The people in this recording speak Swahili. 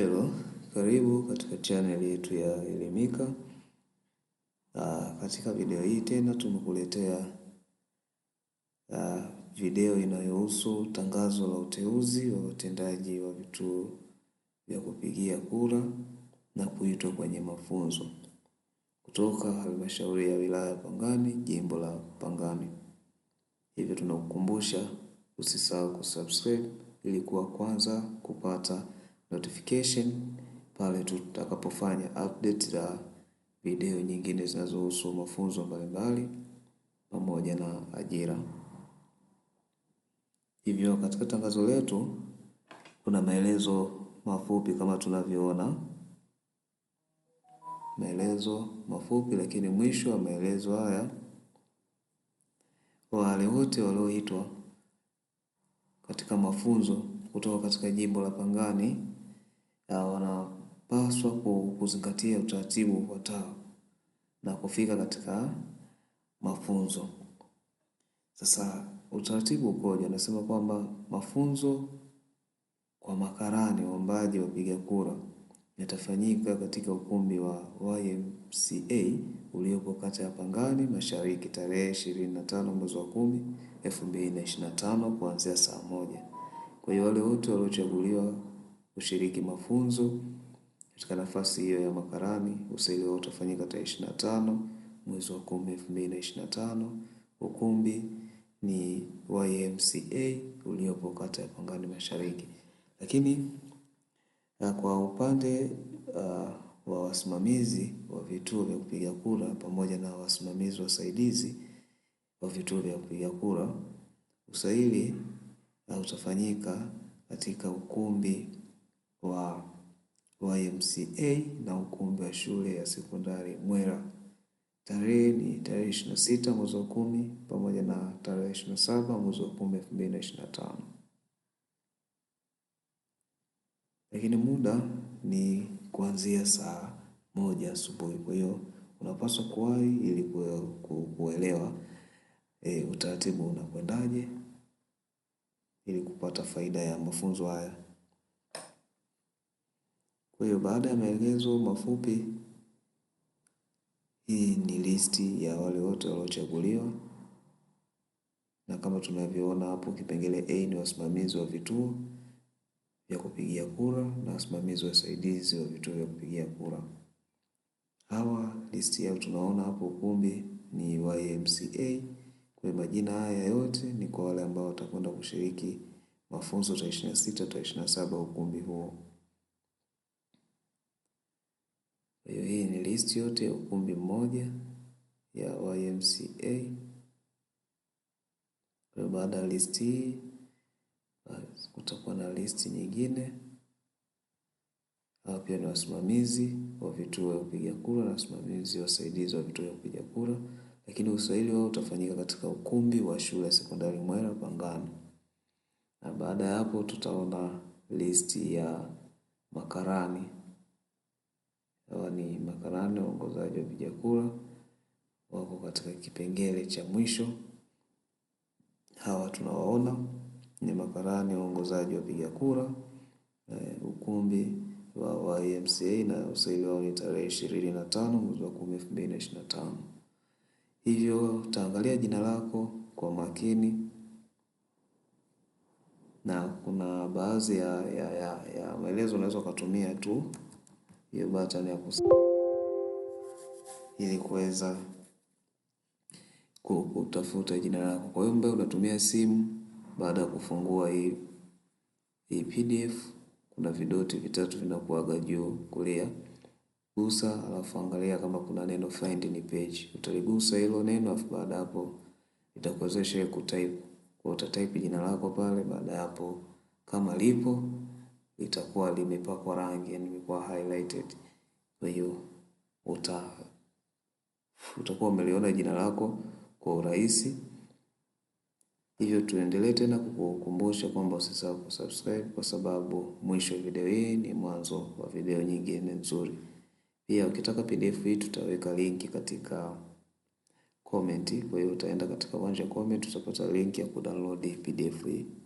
Hello, karibu katika channel yetu ya Elimika. Aa, ah, katika video hii tena tumekuletea aa, ah, video inayohusu tangazo la uteuzi wa watendaji wa vituo vya kupigia kura na kuitwa kwenye mafunzo kutoka halmashauri ya wilaya Pangani, jimbo la Pangani. Hivyo tunakukumbusha usisahau kusubscribe ili kuwa kwanza kupata notification pale tutakapofanya update za video nyingine zinazohusu mafunzo mbalimbali pamoja na ajira. Hivyo katika tangazo letu kuna maelezo mafupi kama tunavyoona, maelezo mafupi lakini mwisho wa maelezo haya, wale wote walioitwa katika mafunzo kutoka katika jimbo la Pangani na wanapaswa kuzingatia utaratibu ufuatao na kufika katika mafunzo. Sasa utaratibu ukoje? Anasema kwamba mafunzo kwa makarani waombaji wapiga kura yatafanyika katika ukumbi wa YMCA uliopo kata ya Pangani Mashariki tarehe ishirini na tano mwezi wa kumi elfu mbili na ishirini na tano kuanzia saa moja. Kwa hiyo wale wote waliochaguliwa kushiriki mafunzo katika nafasi hiyo ya makarani. Usaili wao utafanyika tarehe ishirini na tano mwezi wa kumi elfu mbili na ishirini na tano. Ukumbi ni YMCA uliopo kata ya Pangani Mashariki. Lakini ah, kwa upande uh, wa wasimamizi wa vituo vya kupiga kura pamoja na wasimamizi wasaidizi wa vituo vya kupiga kura, usaili ah, utafanyika katika ukumbi wa YMCA na ukumbi wa shule ya sekondari Mwera. Tarehe ni tarehe ishirini na sita mwezi wa kumi pamoja na tarehe ishirini na saba mwezi wa kumi elfu mbili na ishirini na tano lakini muda ni kuanzia saa moja asubuhi. Kwa hiyo unapaswa kuwahi ili kuelewa e, utaratibu unakwendaje ili kupata faida ya mafunzo haya. Kwa hiyo baada ya maelezo mafupi, hii ni listi ya wale wote waliochaguliwa, na kama tunavyoona hapo kipengele A ni wasimamizi wa vituo vya kupigia kura na wasimamizi wasaidizi wa vituo vya kupigia kura. Hawa listi yao tunaona hapo ukumbi ni YMCA. Kwa majina haya yote ni kwa wale ambao watakwenda kushiriki mafunzo tarehe 26 tarehe 27 ukumbi huo. hiyo hii ni list yote ya ukumbi mmoja ya YMCA. Kwa baada ya list hii kutakuwa na list nyingine. Hawa pia ni wasimamizi wa vituo vya kupiga kura na wasimamizi wasaidizi wa vituo vya kupiga kura, lakini usaili wao utafanyika katika ukumbi wa shule ya sekondari Mwera Pangani, na baada ya hapo tutaona listi ya makarani hawa ni makarani waongozaji wa piga kura, wako katika kipengele cha mwisho. Hawa tunawaona ni makarani waongozaji wa piga kura e, ukumbi wa YMCA na usaili wao ni tarehe ishirini na tano mwezi wa kumi elfu mbili na ishirini na tano. Hivyo utaangalia jina lako kwa makini na kuna baadhi ya, ya, ya, ya maelezo unaweza ukatumia tu hiyo button ya kus ili kuweza kutafuta jina lako. Kwa hiyo ambaye unatumia simu, baada ya kufungua hii hii PDF, kuna vidoti vitatu vinakuaga juu kulia, gusa alafu angalia kama kuna neno find ni page, utaligusa hilo neno, alafu baada hapo itakuwezesha kutype kwa, utatype jina lako pale. Baada hapo kama lipo litakuwa limepakwa rangi yani imekuwa highlighted. Kwa hiyo uta utakuwa umeliona jina lako kwa urahisi. Hivyo tuendelee tena kukukumbusha kwamba usisahau kusubscribe, kwa sababu mwisho wa video hii ni mwanzo wa video nyingine nzuri. Pia ukitaka PDF hii tutaweka linki katika comment. Kwa hiyo utaenda katika uwanja comment, utapata linki ya kudownload PDF hii.